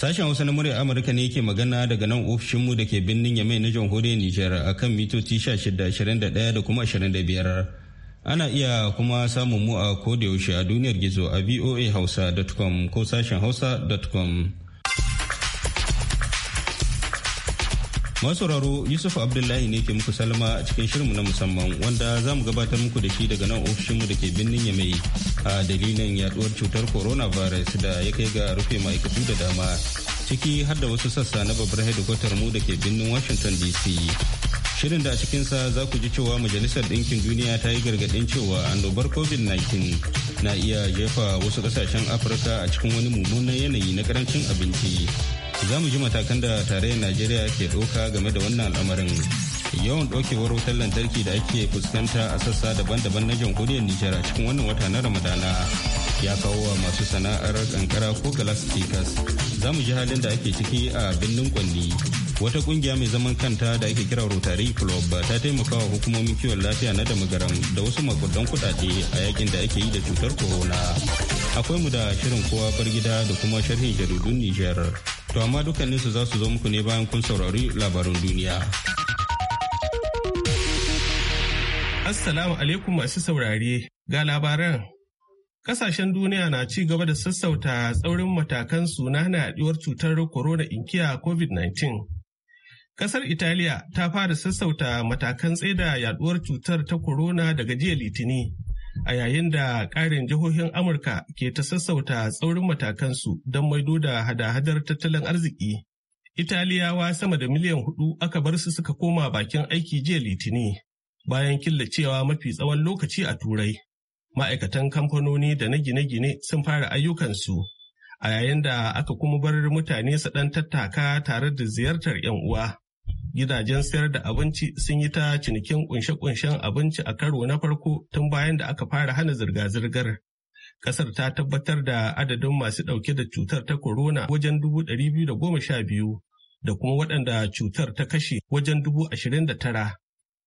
Sashen Hausa na murya Amurka ne ke magana daga nan ofishinmu da ke birnin Yamai na jamhuriyar Nijar a kan mitoci 1621 da kuma 25. Ana iya kuma samun mu a kodayaushe a duniyar gizo a voahausa.com ko sashen hausa.com. masauraro yusuf abdullahi ne ke muku salama a cikin shirinmu na musamman wanda za mu gabatar muku da shi daga nan ofishinmu da ke birnin ya mai a dalilin yaduwar cutar coronavirus da ya kai ga rufe ma'aikatu da dama ciki har da wasu sassa na babbar hedikwatar mu da ke birnin washington dc shirin da a cikinsa za ku ji cewa majalisar ɗinkin duniya ta yi gargaɗin cewa annobar covid-19 na iya jefa wasu ƙasashen afirka a cikin wani mummunan yanayi na ƙarancin abinci za mu ji matakan da tarayyar najeriya ke ɗauka game da wannan al'amarin yawan ɗaukewar wutar lantarki da ake fuskanta a sassa daban-daban na jamhuriyar nijar a cikin wannan wata na ramadana ya kawo wa masu sana'ar kankara ko galacticas za mu ji halin da ake ciki a birnin kwanni wata kungiya mai zaman kanta da ake kira rotary club ta taimaka wa hukumomin kiwon lafiya na damagaram da wasu makudan kudade a yakin da ake yi da cutar corona akwai mu da shirin kowa bar gida da kuma sharhin jaridun nijar To amma dukkaninsu za su zo muku ne bayan kun saurari labarin duniya. Assalamu alaikum masu saurare ga labaran. Kasashen duniya na ci gaba da sassauta tsaurin matakan suna na yaduwar cutar corona inkiya COVID-19. Kasar Italiya ta fara sassauta matakan tsaida yaduwar cutar ta corona daga jiya Litini. a yayin da ƙarin jihohin Amurka ke ta sassauta tsaurin matakansu don maido da hada-hadar tattalin arziki. Italiyawa sama da miliyan hudu aka bar su suka koma bakin aiki jiya litini bayan killacewa mafi tsawon lokaci a Turai. Ma'aikatan kamfanoni da na gine-gine sun fara ayyukansu a yayin da aka kuma bar mutane su ɗan tattaka tare da ziyartar 'yan uwa. Gidajen sayar da abinci sun yi ta cinikin kunshe-kunshen abinci a karo na farko tun bayan da aka fara hana zirga-zirgar. Kasar ta tabbatar da adadin masu ɗauke da cutar ta corona wajen dubu ɗari biyu da goma sha biyu da kuma waɗanda cutar ta kashe wajen dubu ashirin da tara.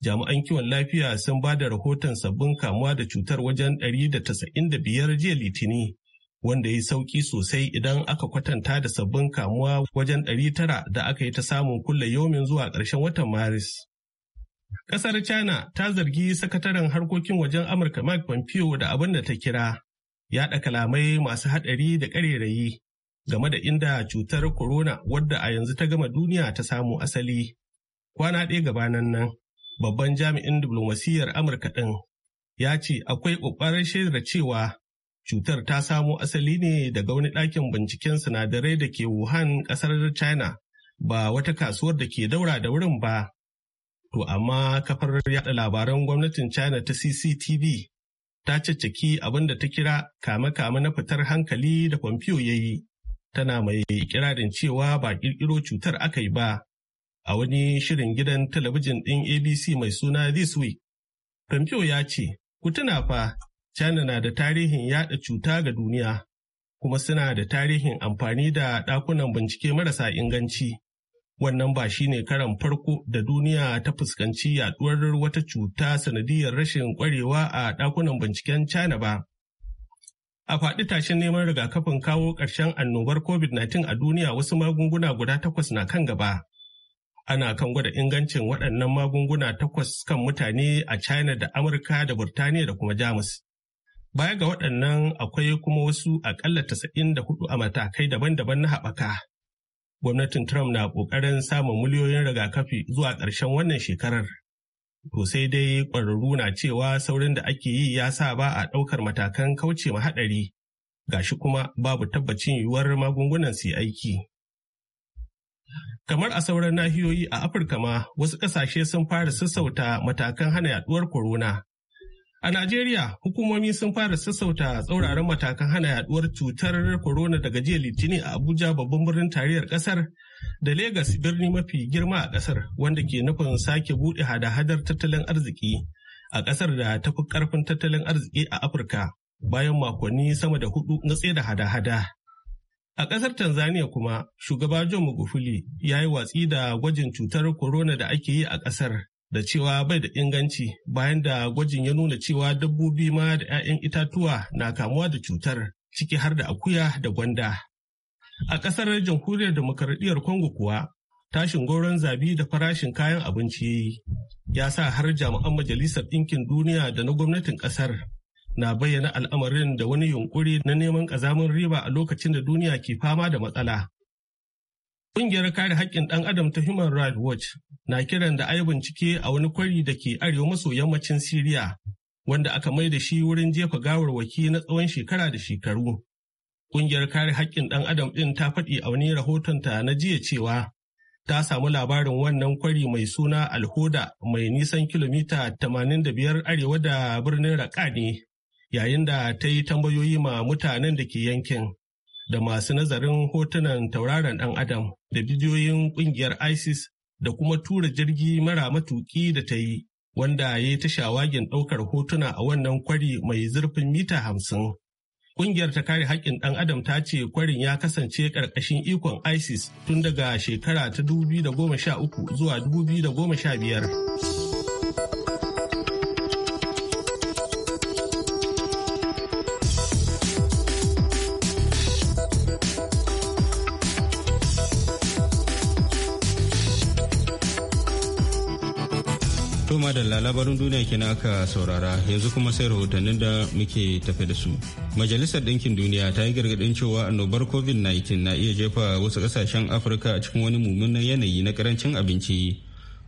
Jami'an kiwon lafiya sun ba da rahoton sabbin kamuwa da cutar wajen ɗari da tasa'in da biyar jiya Litini. wanda ya sauki sosai idan aka kwatanta da sabbin kamuwa wajen ɗari tara da aka yi ta samun kulle yomin zuwa ƙarshen watan maris ƙasar china ta zargi sakataren harkokin wajen amurka mike pompeo da abin da ta kira yaɗa kalamai masu haɗari da ƙarerayi game da inda cutar corona wadda a yanzu ta gama duniya ta samu asali kwana ɗaya gabanan nan babban jami'in diplomasiyyar amurka ɗin ya ce akwai ƙoƙarin shaidar cewa Cutar ta samo asali ne daga wani ɗakin binciken sinadarai da ke Wuhan ƙasar China ba wata kasuwar da ke daura da wurin ba. To amma kafar yada labaran gwamnatin China ta CCTV ta caccaki abin da ta kira kame-kame na fitar hankali da Pompeo ya yi. Tana mai ikirarin cewa ba ƙirƙiro cutar aka yi ba. A wani shirin gidan talabijin ɗin ABC mai suna This Week, Pompeo ya ce, ku tuna fa China na da tarihin yada cuta ga duniya, kuma suna da tarihin amfani da ɗakunan bincike marasa inganci. Wannan ba shi ne karan farko da duniya ta fuskanci yaduwar wata cuta sanadiyar rashin kwarewa a ɗakunan binciken China ba. A faɗi tashin neman rigakafin kawo ƙarshen annobar COVID-19 a duniya wasu magunguna guda takwas na kan gaba. ana kan gwada ingancin waɗannan magunguna takwas kan mutane a China da Amurka da Burtaniya da kuma Jamus. Baya ga waɗannan akwai kuma wasu aƙalla tasa'in da hudu a matakai daban-daban na haɓaka. Gwamnatin Trump na ƙoƙarin samun miliyoyin rigakafi zuwa ƙarshen wannan shekarar. To sai dai ƙwararru na cewa saurin da ake yi ya sa ba a ɗaukar matakan kauce ma haɗari. Gashi kuma babu tabbacin yiwuwar magungunan su aiki. Kamar a sauran nahiyoyi a Afirka ma wasu ƙasashe sun fara sassauta matakan hana yaɗuwar korona. A Najeriya, hukumomi sun fara sassauta tsauraran matakan hana yaduwar cutar corona daga jiya Litinin a Abuja babban birnin tarayyar kasar da Legas birni mafi girma a kasar wanda ke nufin sake buɗe hada-hadar tattalin arziki a kasar da tafi fi karfin tattalin arziki a Afirka bayan makonni sama da hudu na da hada-hada. A kasar Tanzania kuma, shugaba John Magufuli ya yi watsi da gwajin cutar corona da ake yi a kasar da cewa bai da inganci bayan da gwajin ya nuna cewa dabbobi ma da 'ya'yan itatuwa na kamuwa da cutar ciki har da akuya da gwanda. A ƙasar jamhuriyar demokaradiyyar Kongo kuwa tashin goron zabi da farashin kayan abinci ya yi ya sa har jami'an majalisar ɗinkin duniya da na gwamnatin ƙasar na bayyana al'amarin da wani yunkuri na neman ƙazamin riba a lokacin da duniya ke fama da matsala Ƙungiyar kare haƙƙin ɗan adam ta Human Rights Watch na kiran da ayi cike a wani kwari da ke arewa maso yammacin Siriya wanda aka mai da shi wurin jefa gawarwaki na tsawon shekara da shekaru. Ƙungiyar kare haƙƙin ɗan adam ɗin ta faɗi a wani rahotonta na jiya cewa ta samu labarin wannan kwari mai suna Alhoda mai nisan kilomita 85 arewa da birnin Raqqa ne yayin da ta yi tambayoyi ma mutanen da ke yankin da masu nazarin hotunan tauraron ɗan adam. da bidiyoyin kungiyar ISIS da kuma tura jirgi mara matuki da ta yi wanda ya yi ta shawagin ɗaukar hotuna a wannan kwari mai zurfin mita hamsin. Kungiyar ta kare haƙƙin ɗan adam ta ce kwarin ya kasance ƙarƙashin ikon ISIS tun daga shekara ta 2013 zuwa 2015. To da labarin duniya kenan aka saurara yanzu kuma sai rahotannin da muke tafe da su. Majalisar Ɗinkin Duniya ta yi gargaɗin cewa annobar COVID-19 na iya jefa wasu ƙasashen Afirka a cikin wani mummunan yanayi na karancin abinci.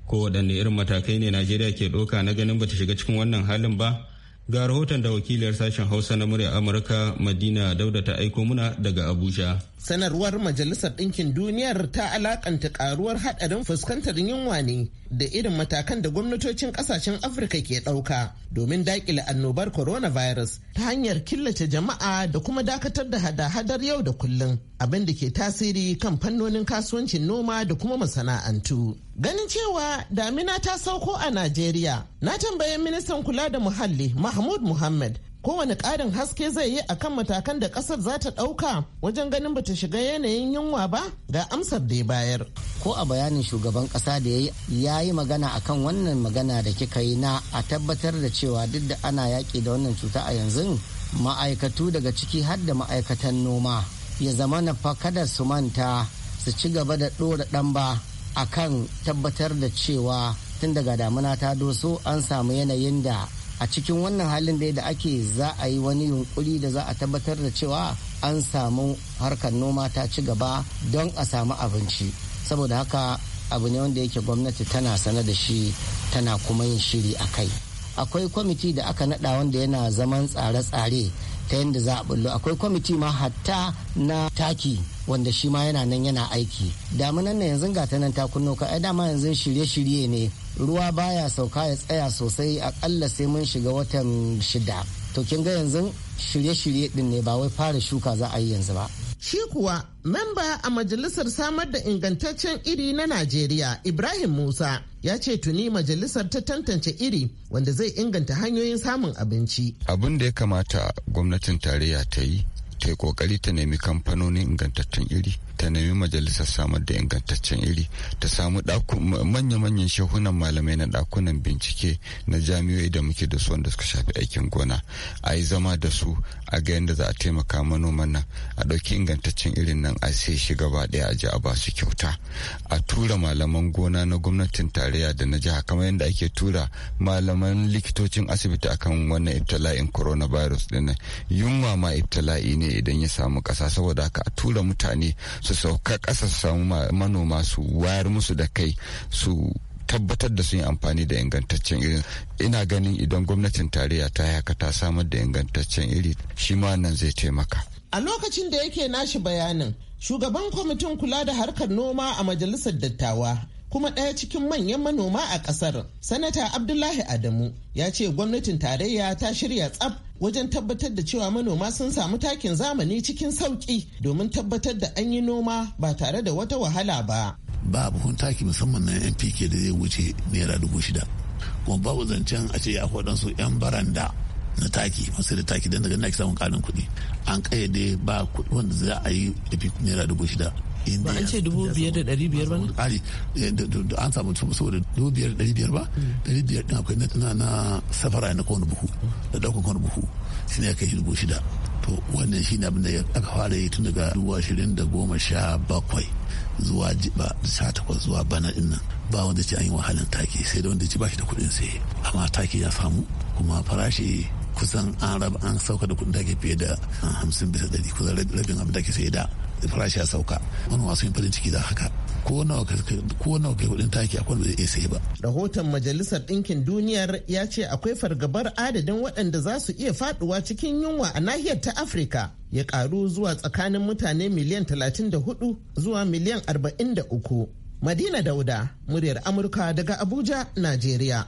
Ko waɗanne irin matakai ne Najeriya ke ɗauka na ganin bata shiga cikin wannan halin ba? Ga rahoton da wakiliyar sashen Hausa na murya Amurka Madina Dauda ta aiko muna daga Abuja. sanarwar majalisar ɗinkin duniyar ta alakanta karuwar haɗarin fuskantar yunwa ne da irin matakan da gwamnatocin ƙasashen afirka ke ɗauka domin daƙile annobar coronavirus ta hanyar killace jama'a da kuma dakatar da hada-hadar yau da kullum abin da ke tasiri kan fannonin kasuwancin noma da kuma masana'antu ganin cewa damina ta sauko a najeriya na tambayi ministan kula da muhalli mahmud muhammad kowane ƙarin haske zai yi a kan matakan da ƙasar za ta ɗauka wajen ganin bata shiga yanayin yunwa ba ga amsar da ya bayar. Ko a bayanin shugaban ƙasa da ya yi magana a kan wannan magana da kika yi na a tabbatar da cewa duk da ana yaƙi da wannan cuta a yanzu ma'aikatu daga ciki har da ma'aikatan noma ya zama na fa kada su manta su ci gaba da ɗora ɗan ba kan tabbatar da cewa tun daga damuna ta doso an samu yanayin da a cikin wannan halin dai da ake za a yi wani yunkuri da za a tabbatar da cewa an samu harkar noma ta ci gaba don a samu abinci saboda haka abu ne wanda yake gwamnati tana sane da shi tana kuma yin shiri a kai akwai kwamiti da aka nada wanda yana zaman tsare-tsare ta yadda za a bullo akwai kwamiti ma hatta na taki wanda shi ma yana nan yana aiki damunan na yanzu ga ta nan ta kunno ka ai dama yanzu shirye-shirye ne ruwa baya sauka ya tsaya sosai akalla sai mun shiga watan shida to kin ga yanzu shirye-shirye din ne ba wai fara shuka za a yi yanzu ba shi kuwa memba a majalisar samar da ingantaccen iri na najeriya ibrahim musa ya ce tuni majalisar ta tantance iri wanda zai inganta hanyoyin samun abinci abin da ya kamata gwamnatin tarayya ta yi ta yi kokari ta nemi kamfanonin ingantattun iri ta nemi majalisar samar da ingantaccen iri ta samu manya-manyan shehunan malamai na dakunan bincike na jami'o'i da muke da su wanda suka shafi aikin gona a yi zama da su a ga yadda za a taimaka manoman nan a ɗauki ingantaccen irin nan a sai shi gaba ɗaya a ji a ba su kyauta a tura malaman gona na gwamnatin tarayya da na jiha kamar yadda ake tura malaman likitocin asibiti akan wannan ibtila'in coronavirus ɗin yunwa ma ibtila'i ne idan ya samu ƙasa saboda haka a tura mutane su su sauka ƙasa su samu manoma su wayar musu da kai su tabbatar da sun yi amfani da ingantaccen irin ina ganin idan gwamnatin tarayya ta haka ta samar da ingantaccen iri shi ma nan zai taimaka a lokacin da yake nashi bayanin shugaban kwamitin kula da harkar noma a majalisar dattawa kuma ɗaya cikin manyan manoma a ƙasar. Sanata Abdullahi Adamu ya ce gwamnatin tarayya ta shirya tsaf wajen tabbatar da cewa manoma sun samu takin zamani cikin sauƙi domin tabbatar da an yi noma ba tare da wata wahala ba. Ba buhun taki musamman na NPK da zai wuce naira dubu shida. Kuma babu zancen a ce ya waɗansu 'yan baranda na taki masu da taki don daga na samun ƙarin kuɗi. An ƙayyade ba kuɗi wanda za a yi da naira dubu shida. ba an ce dubu biyar da dari biyar ba ne ƙari eh, an samu saboda dubu biyar da dari biyar ba dari hmm. biyar ɗin akwai na na safara na kowane buhu da ɗaukar kowane buhu shi ne aka yi dubu shida to wannan shi ne abinda da aka fara yi tun daga dubu ashirin da goma sha bakwai zuwa jiba sha takwas zuwa bana ɗin nan ba wanda ce an yi wahalan take sai da wanda ce ba shi da kuɗin sai amma take ya samu kuma farashi kusan an raba an sauka da kudin take fiye da ah, hamsin bisa ɗari kusan rabin abin da ke sai da farashi ya sauka wani wasu yin farin ciki da haka ko nawa kai kudin taki akwai ba ya sai ba. Rahoton Majalisar Ɗinkin Duniyar ya ce akwai fargabar adadin waɗanda za su iya faduwa cikin yunwa a nahiyar ta Afirka ya karu zuwa tsakanin mutane miliyan 34 zuwa miliyan 43. Madina Dauda, muryar Amurka daga Abuja, Najeriya.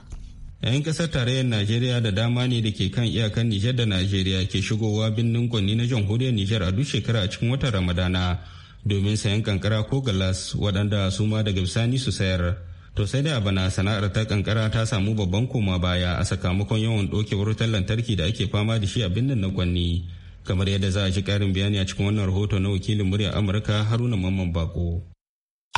'yan kasar tarayyar najeriya da dama ne da ke kan iyakan nijar da najeriya ke shigowa birnin kwanni na jamhuriyar nijar a duk shekara a cikin watan ramadana domin sayan kankara ko galas waɗanda su ma daga bisani su sayar to sai da bana sana'ar ta kankara ta samu babban koma baya a sakamakon yawan ɗokewar wutar lantarki da ake fama da shi a birnin na kwanni kamar yadda za a ji karin bayani a cikin wannan rahoto na wakilin murya amurka haruna mamman bako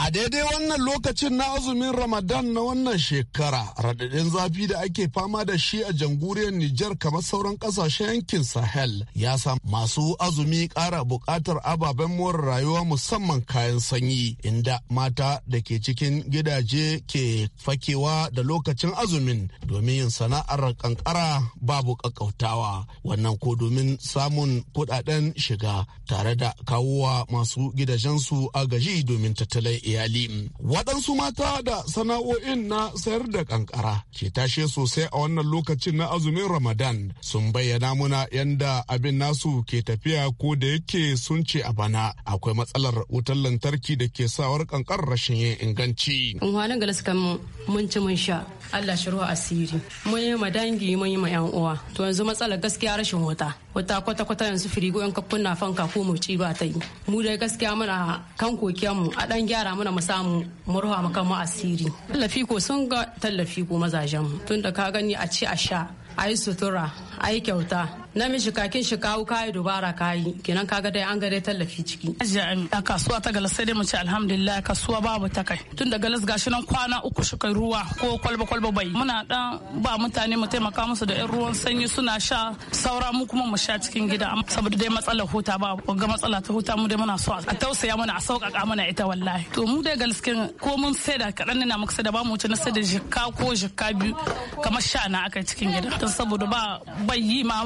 A daidai wannan lokacin na azumin Ramadan na wannan shekara, radadin zafi da ake fama da shi a janguriyar Nijar kamar sauran kasashen yankin Sahel ya sa masu azumi ƙara buƙatar ababen more rayuwa musamman kayan sanyi, inda mata da ke cikin gidaje ke fakewa da lokacin azumin domin yin sana'ar kankara babu ƙaƙƙautawa. Wannan ko domin samun kuɗaɗen shiga tare da kawowa masu gidajensu agaji domin tattalai iyali waɗansu mata da sana'o'in na sayar da kankara ke tashe sosai a wannan lokacin na azumin ramadan sun bayyana muna yanda abin nasu ke tafiya ko da yake sun ce a bana akwai matsalar wutar lantarki da ke sawar kankar rashin yin inganci in hannun mun ci mun sha allah shi ruwa asiri mun yi ma dangi mun yi ma yan uwa to yanzu matsalar gaskiya rashin wuta wuta kwata kwata yanzu firigo yan kakkun na fanka ko mu ci ba ta yi mu dai gaskiya muna kan kokiyan a dan gyara muna mu samu murwa mu kanmu asiri tallafi ko sun ga tallafi ko mazajen mu tunda ka gani a ci a sha a yi sutura a yi kyauta namiji kakin shi kawo kayi dubara kayi kenan kaga dai an gare tallafi ciki eh, a kasuwa ta galas sai dai mu ce alhamdulillah kasuwa babu ta kai tun da galas gashi nan kwana uku shi kai ruwa ko kwalba kwalba bai muna dan ba mutane mu taimaka musu da yan ruwan sanyi suna sha saura mu kuma mu sha cikin gida saboda dai matsalar huta ba ga matsala ta huta mu dai muna so a tausaya mana a sauƙaƙa mana ita wallahi to mu dai galaskin ko mun sai da kaɗan na muka sai da ba mu wuce na sai da jikka ko jikka biyu kamar sha na aka cikin gida don saboda ba bai ma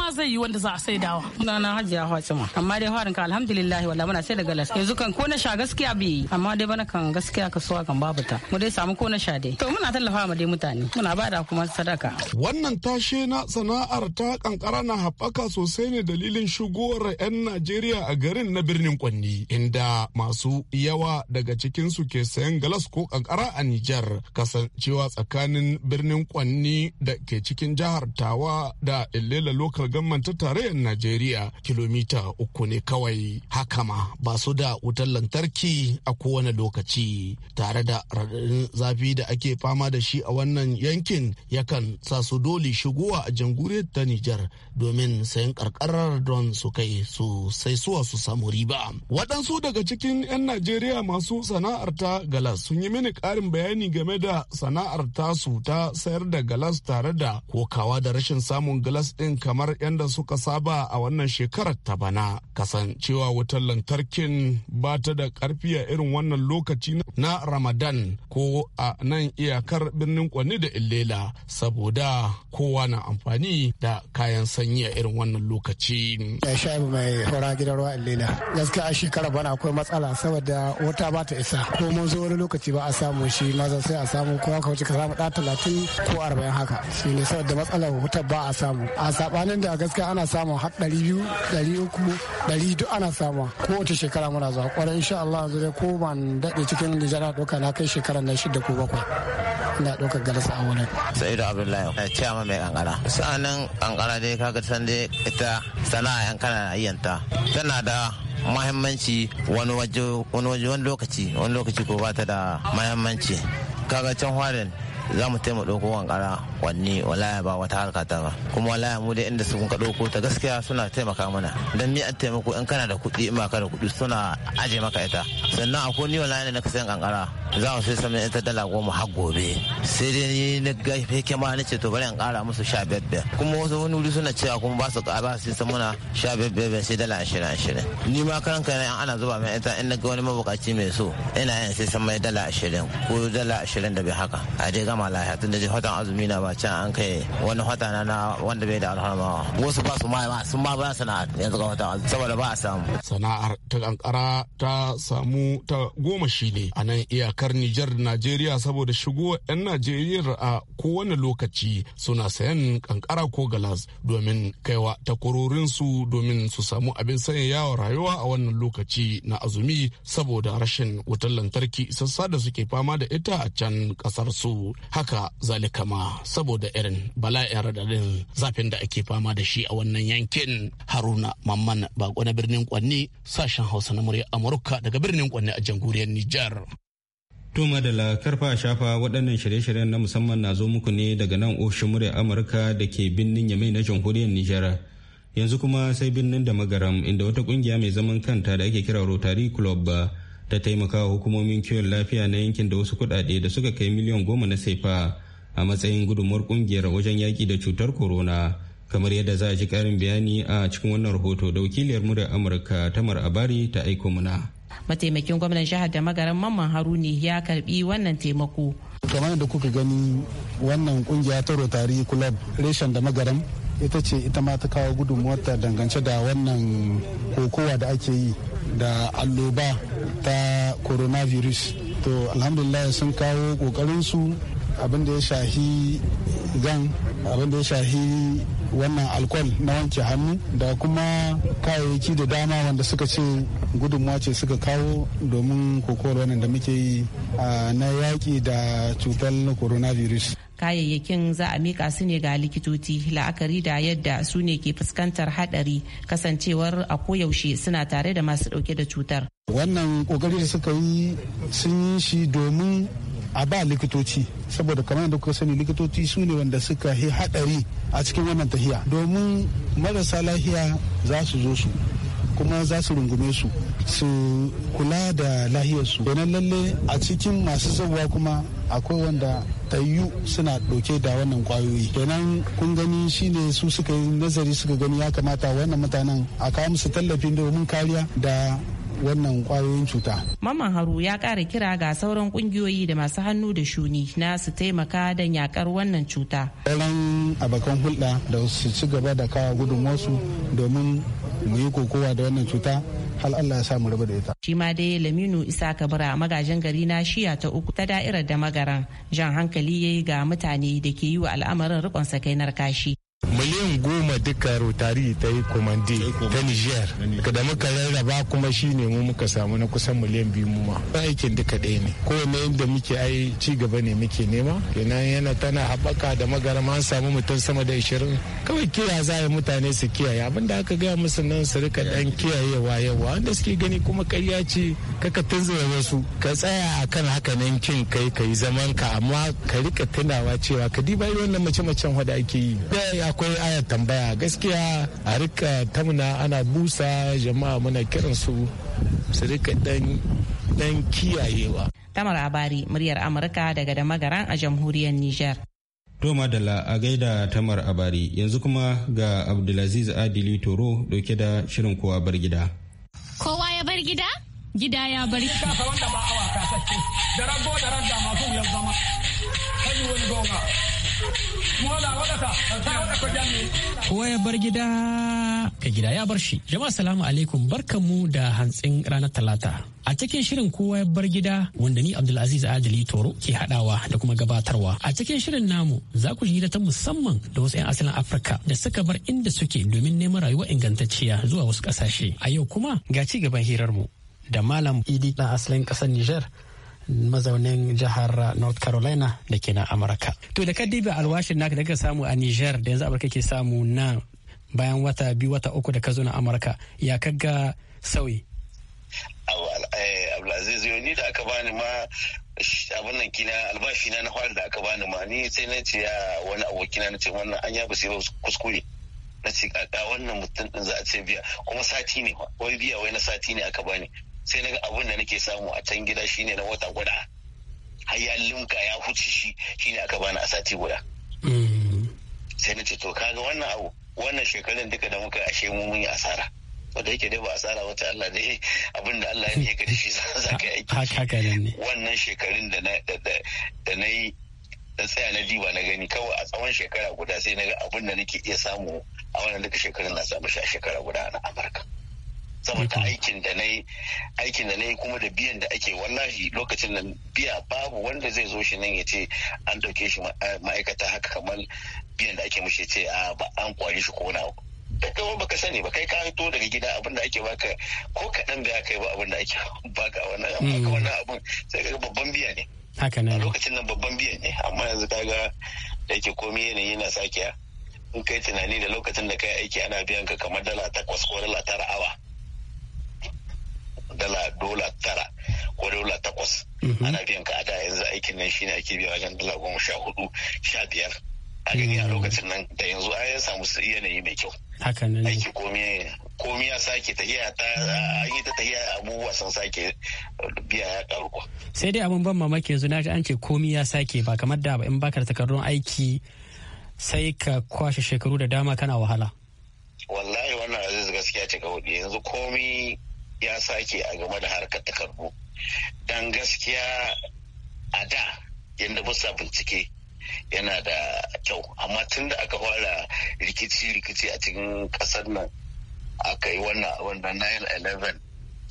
ma zai yi wanda za a saidawa na na hwace ma. amma dai harin ka alhamdulillahi wallahi muna sai da las. yanzu kan ko na sha gaskiya bi amma dai bana kan gaskiya kasuwa kan babu ta mu dai samu ko na sha dai to muna tallafa ma dai mutane muna bada kuma sadaka wannan tashe na sana'ar ta kankara na haɓaka sosai ne dalilin shigowar 'yan Najeriya a garin na birnin Kwanni inda masu yawa daga cikin su ke sayan galas ko kankara a Nijar kasancewa tsakanin birnin Kwanni da ke cikin jihar Tawa da Ilela Local gamman tarayyar najeriya kilomita uku ne kawai haka ma ba su da wutar lantarki a kowane lokaci tare da raɗaɗin zafi da ake fama da shi a wannan yankin yakan sa su dole shigowa a jangure ta nijar domin sayan karkarar don su kai su sai suwa su samu riba. Waɗansu daga cikin 'yan Najeriya masu sana'ar ta galas sun yi mini ƙarin bayani game da sana'ar su ta sayar da galas tare da kokawa da rashin samun galas ɗin kamar yadda suka saba a wannan shekarar ta bana. Kasancewa wutar lantarkin ba ta da ƙarfi a irin wannan lokaci na Ramadan ko a nan iyakar birnin Kwani da Illela saboda kowa na amfani da kayan sanyi. yi a irin wannan lokaci. Ya sha mai hora gidan ruwa lela. Gaskiya a shekara bana akwai matsala saboda wata ba ta isa. Ko mun zo wani lokaci ba a samu shi maza sai a samu ko haka wuce ka samu ɗa talatin ko arba'in haka. Shi ne saboda matsalar wutar ba a samu. A saɓanin da gaskiya ana samun har ɗari biyu ɗari uku ɗari duk ana samu. Kowace shekara muna zuwa kwarai insha Allah zai ko ban daɗe cikin Nijar ɗauka na kai shekarar na shida ko bakwai. ina ɗaukar galasa a wurin. da abdullahi ya ce ma mai kankara sa'anin kankara dai kaga san dai ita sana'a yan kana ayyanta tana da mahimmanci wani waje wani lokaci wani lokaci ko ba ta da mahimmanci kaga can hwarin za mu taimaka ɗauko kankara wanne walaya ba wata harka ta ba kuma walaya mu da inda su ka ɗauko ta gaskiya suna taimaka mana dan ni an taimako in kana da kuɗi in ka da kuɗi suna aje maka ita sannan akwai ni walaya ne na kasan kankara za mu sai samun ita dala goma har gobe sai dai ni na ga fake ma na ce to bari in ƙara musu sha biyar biyar kuma wasu wani wuri suna cewa kuma ba su ƙara sai san muna sha biyar biyar sai dala ashirin ashirin ni ma kan kai ana zuba mai ita in na ga wani mabukaci mai so ina yin sai san mai dala ashirin ko dala ashirin da bai haka a dai gama kama lahiya tun da ji watan azumi na ba can an kai wani wata na na wanda bai da alharma wasu ba su ma sun ma ba sana'a yanzu ga watan azumi saboda ba a samu sana'ar ta kankara ta samu ta goma shi ne a nan iyakar Nijar da Najeriya saboda shigo 'yan Najeriya a kowane lokaci suna sayan kankara ko galas domin kaiwa su domin su samu abin sanya yawon rayuwa a wannan lokaci na azumi saboda rashin wutar lantarki sassa da suke fama da ita a can kasar su haka zalika ma saboda irin bala'in radadin zafin da ake fama da shi a wannan yankin haruna mamman bako na birnin kwanni sashen hausa na murya amurka daga birnin kwanni a jamhuriyar nijar To madala karfa shafa waɗannan shirye-shiryen na musamman na zo muku ne daga nan ofishin murya Amurka da ke birnin Yamai na jamhuriyar Nijar. Yanzu kuma sai birnin da magaram inda wata ƙungiya mai zaman kanta da ake kira Rotary Club ta taimaka wa hukumomin kiwon lafiya na yankin da wasu kudade da suka kai miliyan goma na saifa a matsayin gudunmuwar kungiyar wajen yaki da cutar corona kamar yadda za a ji karin bayani a cikin wannan rahoto da wakiliyar da amurka tamar abari ta aiko muna mataimakin gwamnan jihar da magaran mamman haruni ya karbi wannan taimako kamar da kuka gani wannan kungiya ta rotary club reshen da magaran ita ce ita ma ta kawo gudunmuwarta dangance da wannan kokowa da ake yi da alloba ta coronavirus to alhamdulillah sun kawo ƙoƙarinsu. abin da ya shahi gan abin da ya shahi wannan alkol na wanke hannu da kuma kayayyaki da dama wanda suka ce gudunmuwa ce suka kawo domin kokowar wannan da muke yi na yaƙi da cutar coronavirus kayayyakin za a mika su ne ga likitoci la'akari da yadda su ne ke fuskantar hadari kasancewar a koyaushe suna tare da masu dauke da cutar wannan kokari da suka yi sun yi shi domin a ba likitoci saboda kamar yadda kuka sani likitoci su ne wanda suka yi hadari a cikin wannan tahiya domin marasa lahiya za su zo su kuma za su rungume su su kula da lahiyarsu domin lalle a cikin masu zauwa kuma akwai wanda tayyu suna ɗauke da wannan kwayoyi kenan kun gani shine su suka yi nazari suka gani ya kamata wannan mutanen a kawo musu tallafin domin kariya da wannan kwayoyin cuta. Maman Haru ya kara kira ga sauran kungiyoyi da masu hannu da shuni na su taimaka don yakar wannan cuta. Sauran abokan hulɗa da su ci gaba da kawo gudunmuwarsu domin mu yi kokowa da wannan cuta hal Allah ya sa mu raba da ita. Shi ma dai Laminu Isa kabura magajin gari na shiya ta uku ta da'irar da magaran jan hankali ya yi ga mutane da ke yi wa al'amarin rikon sakainar kashi. duka rotari ta yi komande ta niger da muka rarraba kuma shi ne mu muka samu na kusan miliyan biyu mu ma aikin duka ɗaya ne kowane inda muke ai ci gaba ne muke nema kenan yana tana haɓaka da magarama an samu mutum sama da ishirin kawai kira za a mutane su kiyaye abin da aka gaya musu nan su rika ɗan kiyayewa yawa wanda suke gani kuma karya ce kaka tunzura wasu ka tsaya akan haka nan kin kai ka yi zaman ka amma ka rika tunawa cewa ka diba irin wannan mace-macen wada ake yi akwai ayar tambaya a gaskiya a rika tamuna ana busa jama'a muna kiran su su rika dan kiyayewa tamar abari muryar amurka daga da magaran a jamhuriyar niger to madalla a gaida tamar abari yanzu kuma ga abdulaziz adili toro dauke da shirin kowa bar gida kowa ya bar gida gida ya bar gida Kowa ya bar gida ka gida ya bar shi. Jama'a salamu alaikum barkamu da hantsin ranar talata. A cikin shirin kowa ya bar gida wanda ni Abdulaziz Adili Toro ke hadawa da kuma gabatarwa. A cikin shirin namu za ku ji ta musamman da wasu 'yan asalin Afirka da suka bar inda suke domin neman rayuwa ingantacciya zuwa wasu kasashe. A yau kuma ga ci gaban hirar mu da Malam Idi na asalin ƙasar Nijar mazaunin jihar north carolina da ke na amurka to da diba alwashin naka da samu a niger da yanzu amurka ke samu na bayan wata biyu wata uku da ka zo na amurka ya kaga sauyi eh, abdulaziz ni da aka bani ma abin nan kina albashi na na da aka bani ma ni sai na ce ya wani abokina na ce wannan an ya ba kuskure na ce kaka wannan mutum din za a ce biya kuma sati ne wai biya wai na sati ne aka bani sai naga abun da nake samu a can gida shine na wata guda har ya limka ya huce shi shine aka bani a sati guda mm. sai na ce to kaga wannan abu wannan shekarun duka da muka ashe mu mun yi asara wanda yake dai ba asara wata Allah ne abin da Allah ne ya da shi za ka yi aiki wannan shekarun da na yi da tsaya na diba na gani kawai a tsawon shekara guda sai na ga abin da nake iya samu a wannan duka shekarun na samu shi a shekara guda na Amurka. saboda mm-hmm. aikin da na yi aikin da na yi kuma da biyan da ake wallahi lokacin nan biya babu wanda zai zo shi nan ya ce an dauke shi eh, ma'aikata haka kamar biyan da ake mushi ce a ah, ba an kwari shi kona da ba baka sani ba kai ka fito daga gida abin da ake baka ko kaɗan da ya kai ba abin da ake baka wannan mm. abin sai ka babban biya ne haka nan lokacin nan babban biyan ne amma yanzu kaga da yake komai yanayi na sakiya in kai tunani da lokacin da kai aiki ana biyan ka kamar dala takwas ko dala tara awa dala dola tara ko dola takwas mhm. ana biyan ka da yanzu aikin nan shine ake biya wajen dala goma sha hudu sha biyar a gani a mm. lokacin nan da yanzu an samu su yanayi mai kyau aiki komi ya sake tahiya ta an yi ta tahiya abubuwa sun sake biya ya karu sai dai abin ban mamaki yanzu na ji an ce komi ya sake ba kamar da in baka da takardun aiki sai ka kwashe shekaru da dama kana wahala wallahi wannan aziz gaskiya ce hudu yanzu komi ya sake a game da harkar takardu don gaskiya a da yadda musa bincike yana da kyau amma tun da aka fara rikici-rikici a cikin kasar nan aka yi wannan abin mm,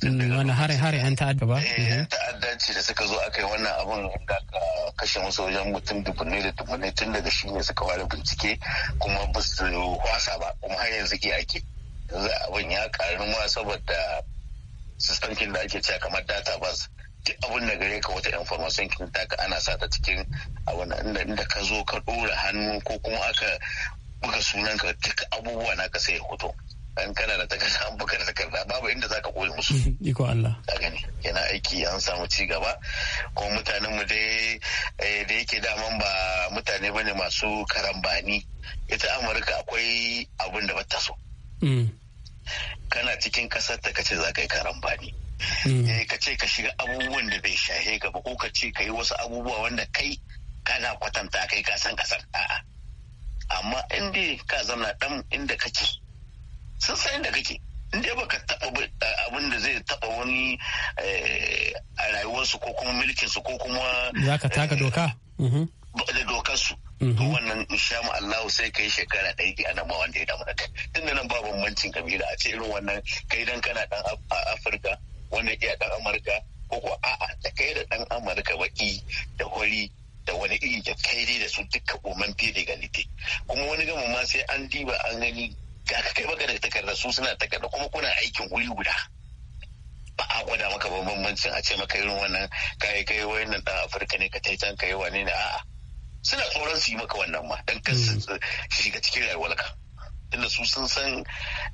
da 9-11 wani hare-hare 'yan ta'adda ba? Eh, mm-hmm. yan ta'addanci da suka zo aka yi wannan abin da aka kashe musu wajen mutum dubunne da dubunne tun daga shi ne suka fara bincike kuma ba su wasa ba kuma har yanzu ke ake yanzu abin ya karu ma saboda system kin da ake cewa kamar data bus duk abin da gare ka wata information kin taka ana sa ta cikin abin inda inda ka zo ka dora hannu ko kuma aka buga sunan ka duk abubuwa na ka sai hoto an kana da takarda an buga takarda babu inda za ka koyi musu iko Allah ka gani yana aiki an samu ci gaba ko mutanen mu dai eh, da yake daman ba mutane bane masu karambani ita Amurka akwai abin da bata so mm. kana cikin kasar da kace za ka yi karambani mm. eh, ka ce ka shiga abubuwan da bai shahe ga ba ko ka ce ka yi wasu abubuwa wanda kai kana kwatanta kai ka san kasar a'a amma in dai ka zamna dan inda kake sun san inda kake in dai baka taba abin da zai taba wani eh, a rayuwarsu ko kuma mulkinsu ko kuma za ka taka eh, doka mm-hmm. to mm-hmm. wannan insha Allah sai kai shekara ɗaya ke ana ba wanda ya damu da kai tunda nan ba bambancin kabila a ce irin wannan kai dan kana dan Afirka wannan iya dan Amurka ko ko a'a da kai da dan Amurka baki da hori da wani iri da kai dai da su duka koman fiye da kuma wani gama ma sai an diba an gani ga ka kai baka da takarda su suna takarda kuma kuna aikin wuri guda ba a gwada maka bambancin a ce maka irin wannan kai kai wayannan dan Afirka ne ka taitan kai wani ne a'a suna tsoron su yi maka wannan ma don kan mm. su shiga cikin rayuwarka inda su sun san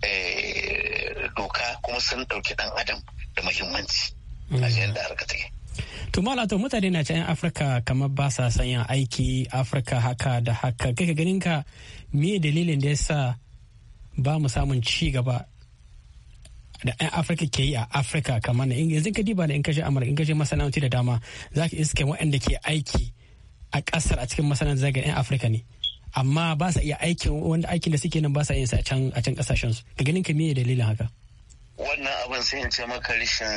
eh, doka kuma sun dauki ɗan adam da muhimmanci a jiyan mm. da harka take to malato mutane na can afirka kamar ba sa san yin aiki afirka haka da haka kai ka ganin ka me dalilin da yasa ba mu samun ci gaba da 'yan afirka ke yi a afirka kamar na yanzu ka diba da in kashe amurka in kashe masana'antu da dama za ka iske waɗanda ke aiki a kasar a cikin masana zaga 'yan afirka ne amma ba sa iya aikin wanda aikin da suke nan ba sa yin sa a can kasashen su ka ganin ka me dalilin haka wannan abin sai in ce maka rashin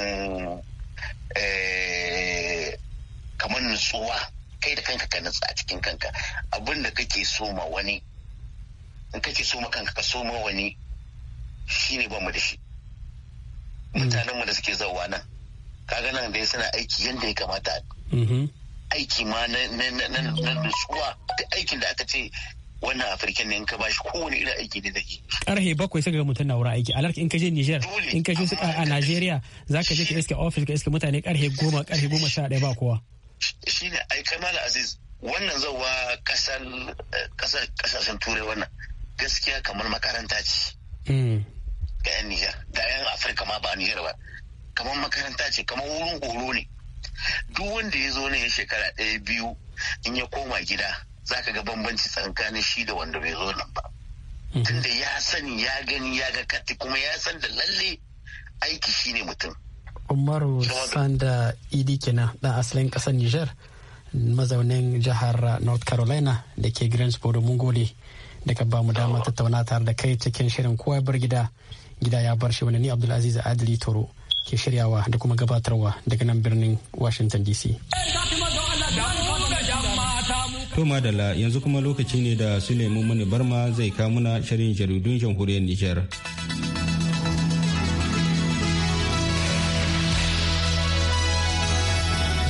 eh, kamar nutsuwa kai da kanka ka nutsu a cikin kanka abin da kake so ma wani in kake so ma kanka ka so ma wani shine ba mu da shi mm. mutanenmu da suke zauwa nan kaga nan dai suna aiki yadda ya kamata mm-hmm. aiki ma na nutsuwa da aikin da aka ce wannan afirka ne in ka bashi kowane irin aiki ne da ke. Karhe bakwai sai ga mutum na wurin aiki alarki in ka je Niger in ka je su a Najeriya za ka je ka iske ofis ka iske mutane karhe goma karhe goma sha ɗaya ba kowa. Shi ne ai Kamal Aziz wannan zauwa eh, kasashen turai wannan gaskiya kamar makaranta ce. Hmm. Ga 'yan Niger ga 'yan Afirka ma ba Niger ba kamar makaranta ce kamar wurin horo ne. duk wanda ya zo ne ya shekara ɗaya biyu in ya koma gida za ka ga bambanci tsakanin shi da wanda bai zo nan ba mhm. tunda ya sani ya gani ya ga kati kuma ya san da lalle aiki shine mutum umaru sanda idi kenan ɗan asalin ƙasar Nijar mazaunin jihar north carolina da ke greensboro mun gode daga ka mu dama tattauna tare da kai cikin shirin kowa bar gida gida ya bar shi wani ni abdulaziz adli toro ke shiryawa da kuma gabatarwa daga nan birnin Washington DC. To madalla yanzu kuma lokaci ne da Suleiman Mani Barma zai kamuna shirin jaridun jamhuriyar Nijar.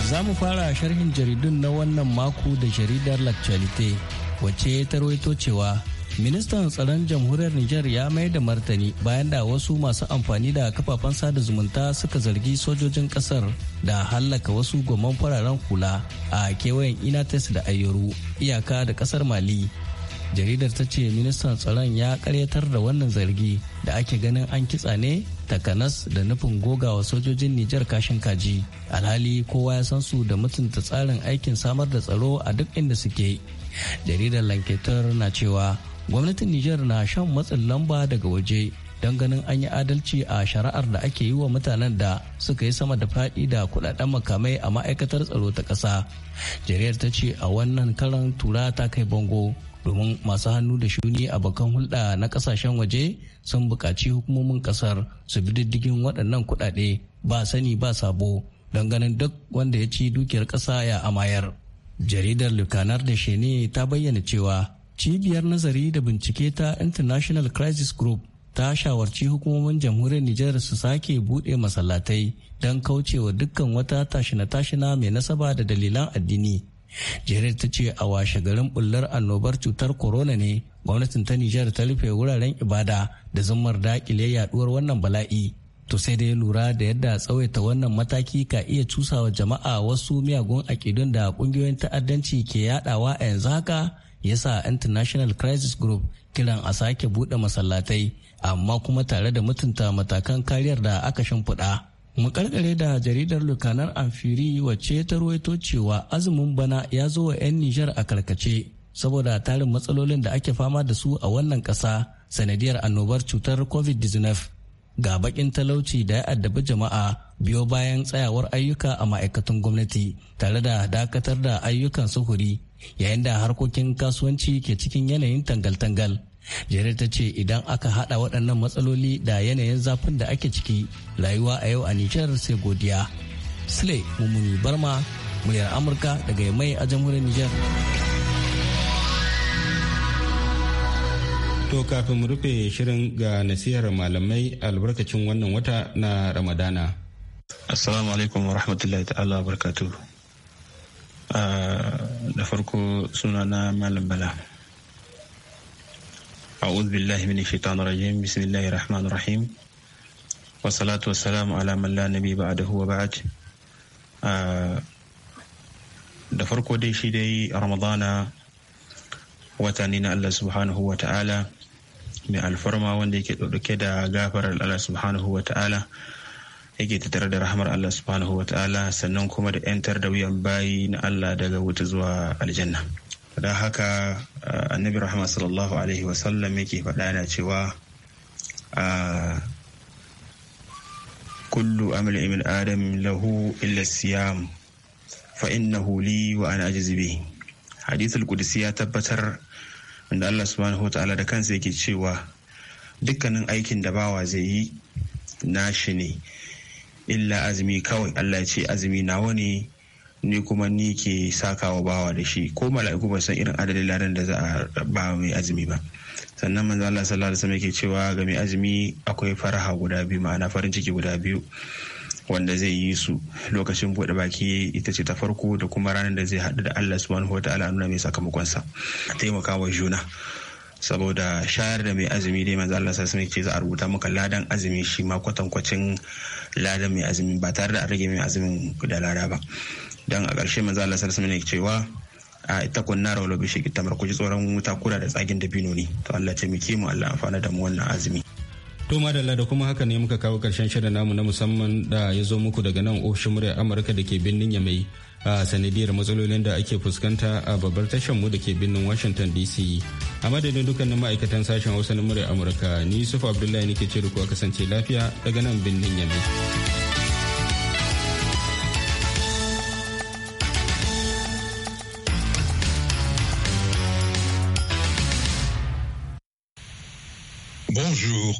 Za mu fara sharhin jaridun na wannan mako da jaridar L'Actualité wacce ta rawaito cewa ministan tsaron jamhuriyar niger ya mai da martani bayan da wasu masu amfani da kafafen sada zumunta suka zargi sojojin kasar da hallaka wasu goman fararen hula a kewayen inates da ayyaru iyaka da kasar mali jaridar ta ce ministan tsaron ya karyatar da wannan zargi da ake ganin an kitsa ne takanas da nufin goga wa sojojin nijar kashin kaji alhali kowa ya san su da mutunta tsarin aikin samar da tsaro a duk inda suke jaridar lanketar na cewa gwamnatin nijar na shan matsin lamba daga waje don ganin an yi adalci a shari'ar da ake yi wa mutanen da suka yi sama da faɗi da kudaden makamai a ma'aikatar tsaro ta ƙasa jariyar ta ce a wannan karan tura ta kai bango domin masu hannu da shuni a bakan hulɗa na ƙasashen waje sun buƙaci hukumomin ƙasar su bi diddigin waɗannan kuɗaɗe ba sani ba sabo don ganin duk wanda ya ci dukiyar ƙasa ya amayar jaridar lukanar da shene ta bayyana cewa cibiyar nazari da bincike ta international crisis group ta shawarci hukumomin jamhuriyar nijar su sake buɗe masallatai don kaucewa dukkan wata tashina-tashina mai nasaba da dalilan addini jerin ta ce a washe garin bullar annobar cutar corona ne gwamnatin ta nijar ta rufe wuraren ibada da zumar dakile yaduwar wannan bala'i to sai dai lura da yadda tsawaita wannan mataki ka iya cusawa jama'a wasu miyagun akidun da kungiyoyin ta'addanci ke yadawa a yanzu haka Ya sa international crisis group kiran a sake buɗe masallatai amma kuma tare da mutunta matakan kariyar da aka shimfiɗa mukarkare da jaridar lukanar amfiri wacce ta ruwaito cewa azumin bana ya zo wa 'yan nijar a karkace saboda tarin matsalolin da ake fama da su a wannan ƙasa sanadiyar annobar cutar covid-19 ga bakin talauci da ya addabi jama'a biyo bayan tsayawar ayyuka a ma'aikatan gwamnati tare da dakatar da ayyukan sufuri yayin da harkokin kasuwanci ke cikin yanayin tangal-tangal jere ta ce idan aka hada waɗannan matsaloli da yanayin zafin da ake ciki rayuwa a yau a nijar sai godiya sule mummuni barma muryar amurka daga mai a jamhuriyar nijar To kafin mu rufe shirin ga nasihar malamai albarkacin wannan wata na Ramadana. Assalamu alaikum wa rahmatullahi ta'ala wa barkatu. Ah, da farko suna na Malam Bala. أعوذ بالله من الشيطان الرجيم بسم الله الرحمن الرحيم والصلاة ala على من لا نبي بعده da farko dai shi dai ramadana wata ne na Allah subhanahu wa ta'ala mai alfarma wanda yake ɗauke da gafarar Allah subhanahu wa ta'ala yake tattare da rahamar Allah subhanahu wa ta'ala sannan kuma da 'yantar da wuyan bayi na Allah daga wuta zuwa aljanna. Da haka annabi rahama sallallahu alaihi sallam yake faɗa na cewa kullu amal Imin adam lahu illa siyam fa innahu li wa ana ajzi Hadithul Qudsi ya tabbatar wanda Allah subhanahu wa ta'ala da kansa yake cewa dukkanin aikin da bawa zai yi nashi ne illa azumi kawai Allah ya ce azumi nawa ne kuma ni ke sakawa bawa da shi ko mala'iku ba san irin adadin ladan da za a ba mai azumi ba sannan manzo Allah sallallahu alaihi wasallam yake cewa ga mai azumi akwai faraha guda biyu ma'ana farin ciki guda biyu wanda zai yi su lokacin buɗe baki ita ce ta farko da kuma ranar da zai haɗu da Allah subhanahu wa ta'ala nuna mai sakamakonsa wa juna saboda shayar da mai azumi dai manzo Allah sai ce za a rubuta maka ladan azumi shi ma kwatankwacin ladan mai azumi ba tare da rage mai azumin da lada ba dan a ƙarshe manzo Allah sai ne cewa a ita kun na bi shi tamar ku ji tsoron wuta kura da tsagin dabino ne to Allah ce mu mu Allah amfana da mu wannan azumi To madalla da kuma haka ne muka kawo karshen shirin namu na musamman da ya zo muku daga nan ofishin muryar Amurka da ke birnin Yamai a sanadiyar matsalolin da ake fuskanta a babbar tashar mu da ke birnin Washington DC. A madadin dukkanin ma'aikatan sashen Hausa na muryar Amurka ni Yusuf Abdullahi nake ce da kuwa kasance lafiya daga nan birnin Yamai. Bonjour.